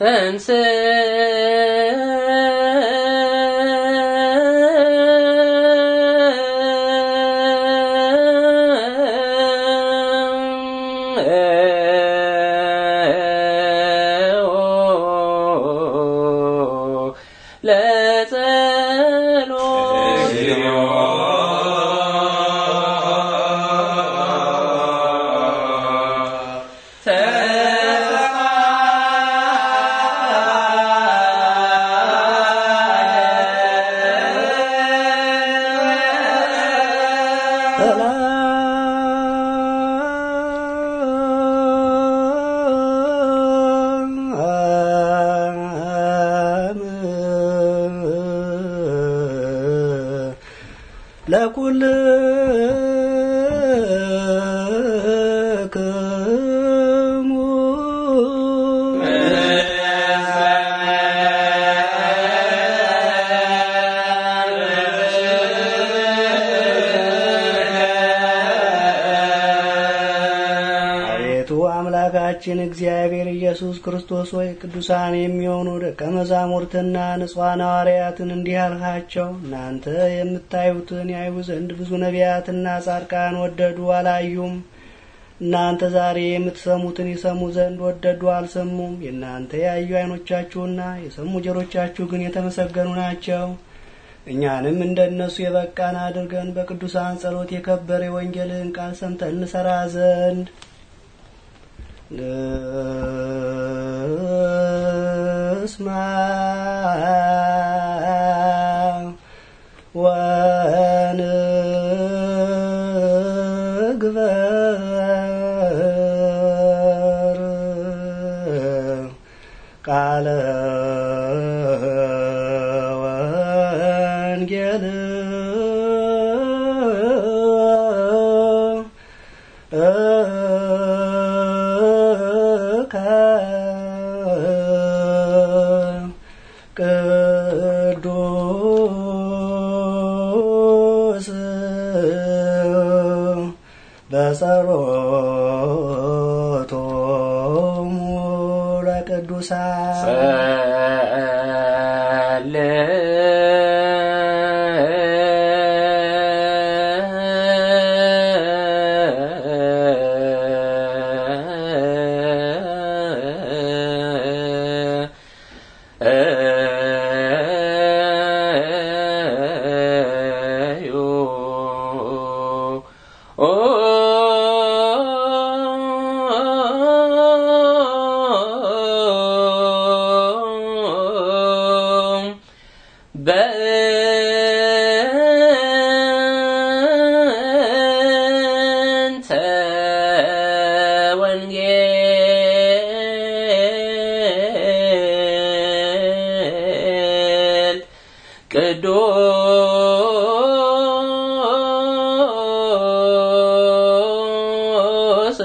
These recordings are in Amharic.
Then ጌታችን እግዚአብሔር ኢየሱስ ክርስቶስ ወይ ቅዱሳን የሚሆኑ ደቀ መዛሙርትና ንጹሐን ሐዋርያትን እንዲህ አልሃቸው፣ እናንተ የምታዩትን ያዩ ዘንድ ብዙ ነቢያትና ጻድቃን ወደዱ፣ አላዩም። እናንተ ዛሬ የምትሰሙትን ይሰሙ ዘንድ ወደዱ፣ አልሰሙም። የእናንተ ያዩ ዓይኖቻችሁና የሰሙ ጆሮቻችሁ ግን የተመሰገኑ ናቸው። እኛንም እንደ እነሱ የበቃን አድርገን በቅዱሳን ጸሎት የከበረ ወንጌልን ቃል ሰምተን እንሰራ ዘንድ ልስማ ወንግበር ቃለ ቅዱሳን Oh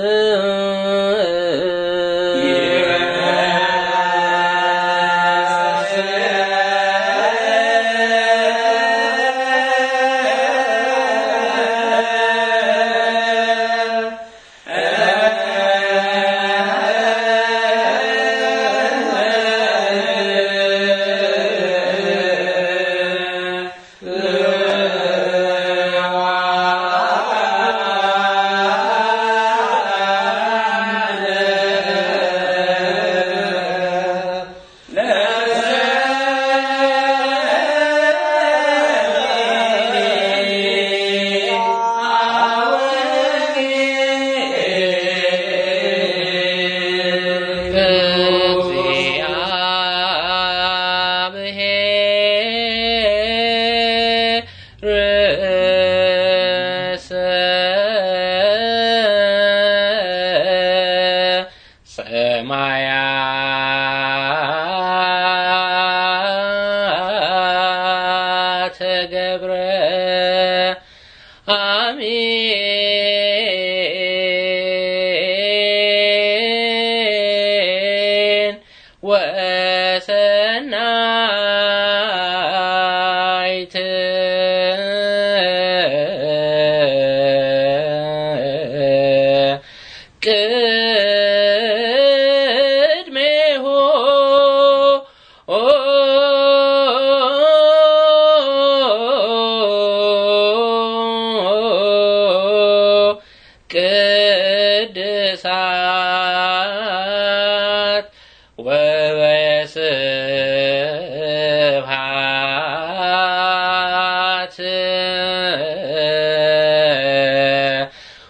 uh, my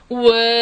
喂。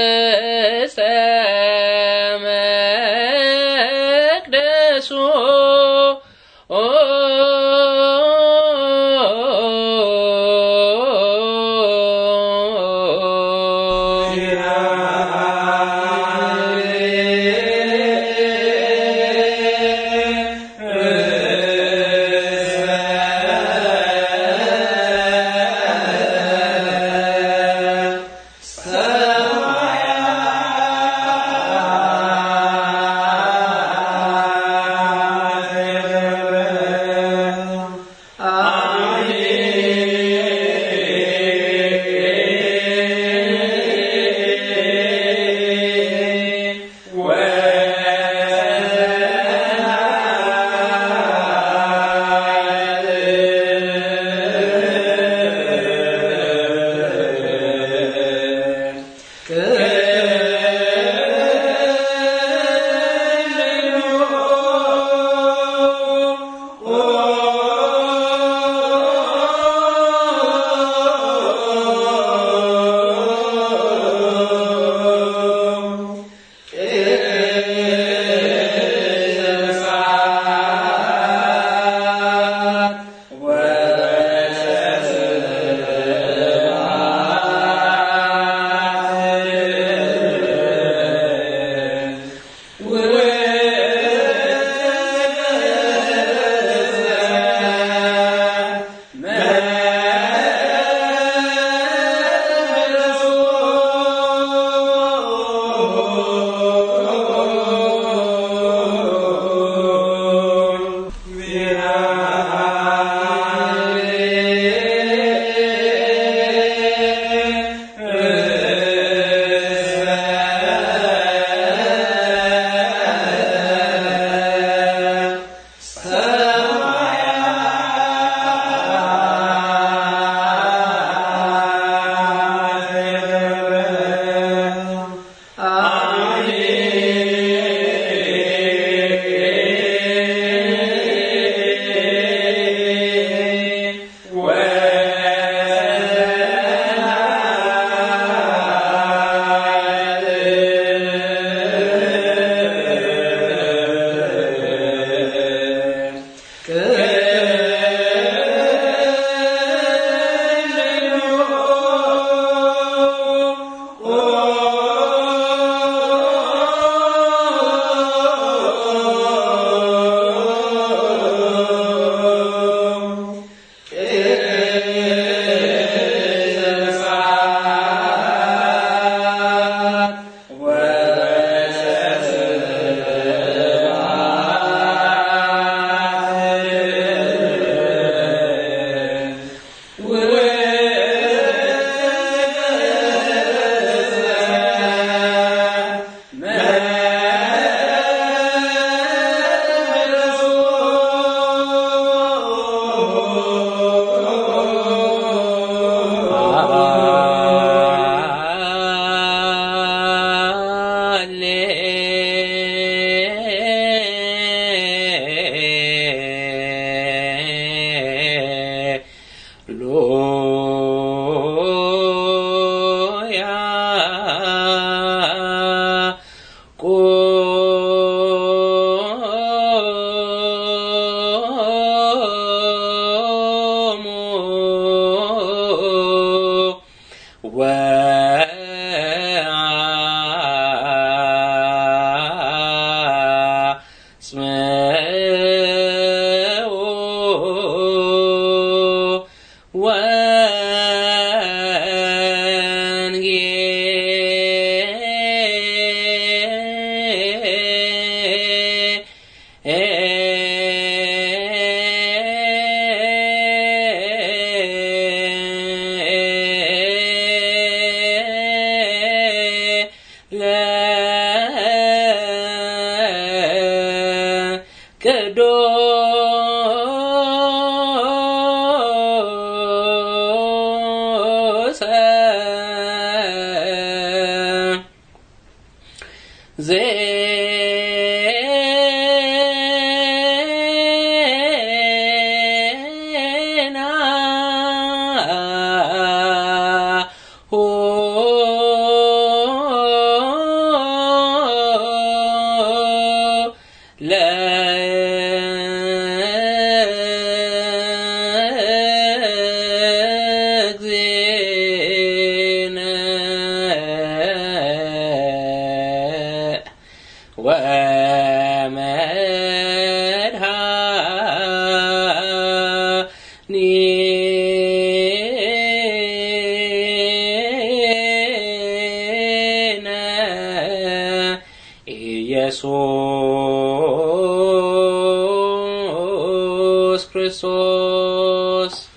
Christos, Christos.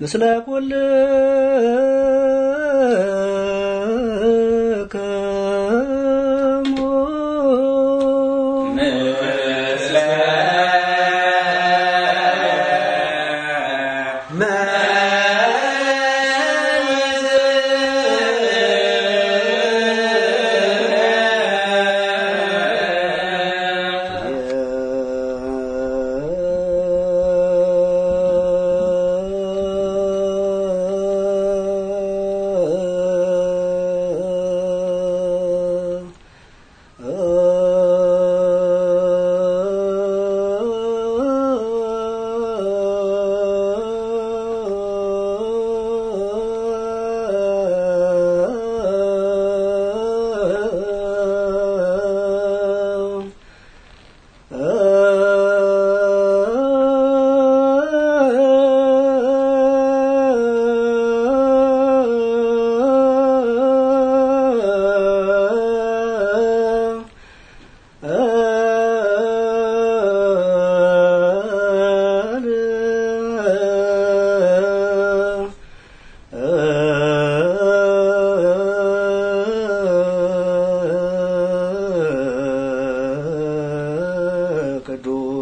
مثل كل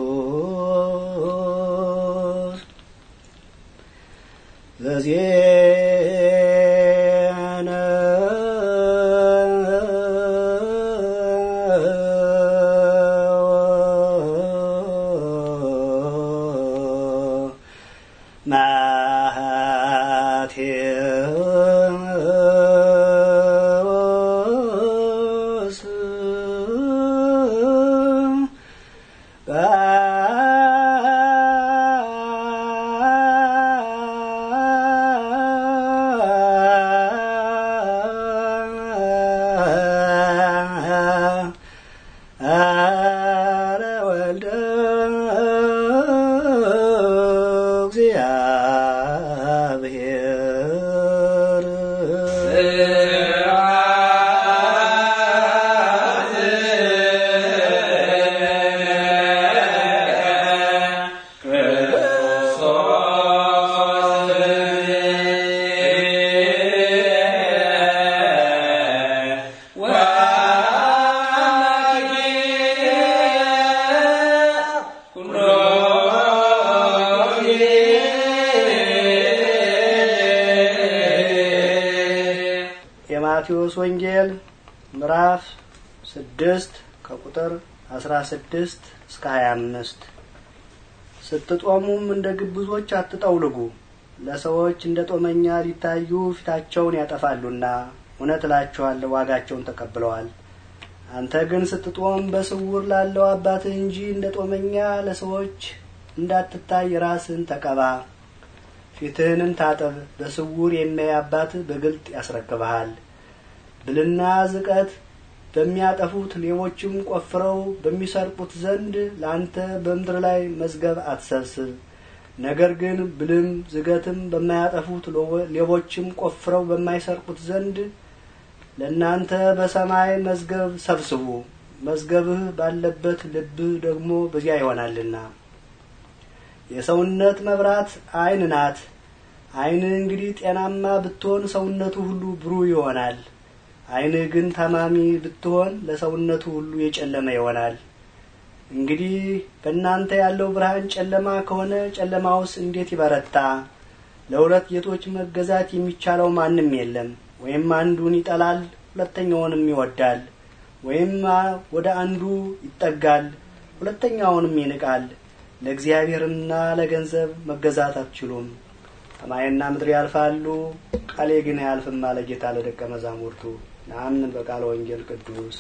Dios. Las 啊。ምዕራፍ ስድስት ከቁጥር አስራ ስድስት እስከ ሀያ አምስት ስትጦሙም እንደ ግብዞች አትጠውልጉ ለሰዎች እንደ ጦመኛ ሊታዩ ፊታቸውን ያጠፋሉና እውነት እላችኋለሁ ዋጋቸውን ተቀብለዋል። አንተ ግን ስትጦም በስውር ላለው አባትህ እንጂ እንደ ጦመኛ ለሰዎች እንዳትታይ ራስህን ተቀባ፣ ፊትህንም ታጠብ፣ በስውር የሚያይ አባትህ በግልጥ ያስረክብሃል። ብልና ዝቀት በሚያጠፉት ሌቦችም ቆፍረው በሚሰርቁት ዘንድ ለአንተ በምድር ላይ መዝገብ አትሰብስብ። ነገር ግን ብልም ዝገትም በማያጠፉት ሌቦችም ቆፍረው በማይሰርቁት ዘንድ ለእናንተ በሰማይ መዝገብ ሰብስቡ። መዝገብህ ባለበት ልብህ ደግሞ በዚያ ይሆናልና። የሰውነት መብራት አይን ናት። አይን እንግዲህ ጤናማ ብትሆን ሰውነቱ ሁሉ ብሩህ ይሆናል። አይን ግን ታማሚ ብትሆን ለሰውነቱ ሁሉ የጨለመ ይሆናል። እንግዲህ በእናንተ ያለው ብርሃን ጨለማ ከሆነ ጨለማውስ እንዴት ይበረታ? ለሁለት ጌቶች መገዛት የሚቻለው ማንም የለም። ወይም አንዱን ይጠላል፣ ሁለተኛውንም ይወዳል፣ ወይም ወደ አንዱ ይጠጋል፣ ሁለተኛውንም ይንቃል። ለእግዚአብሔርና ለገንዘብ መገዛት አትችሉም። ሰማይና ምድር ያልፋሉ፣ ቃሌ ግን አያልፍም አለ ጌታ ለደቀ መዛሙርቱ። ነአምን በቃለ ወንጌል ቅዱስ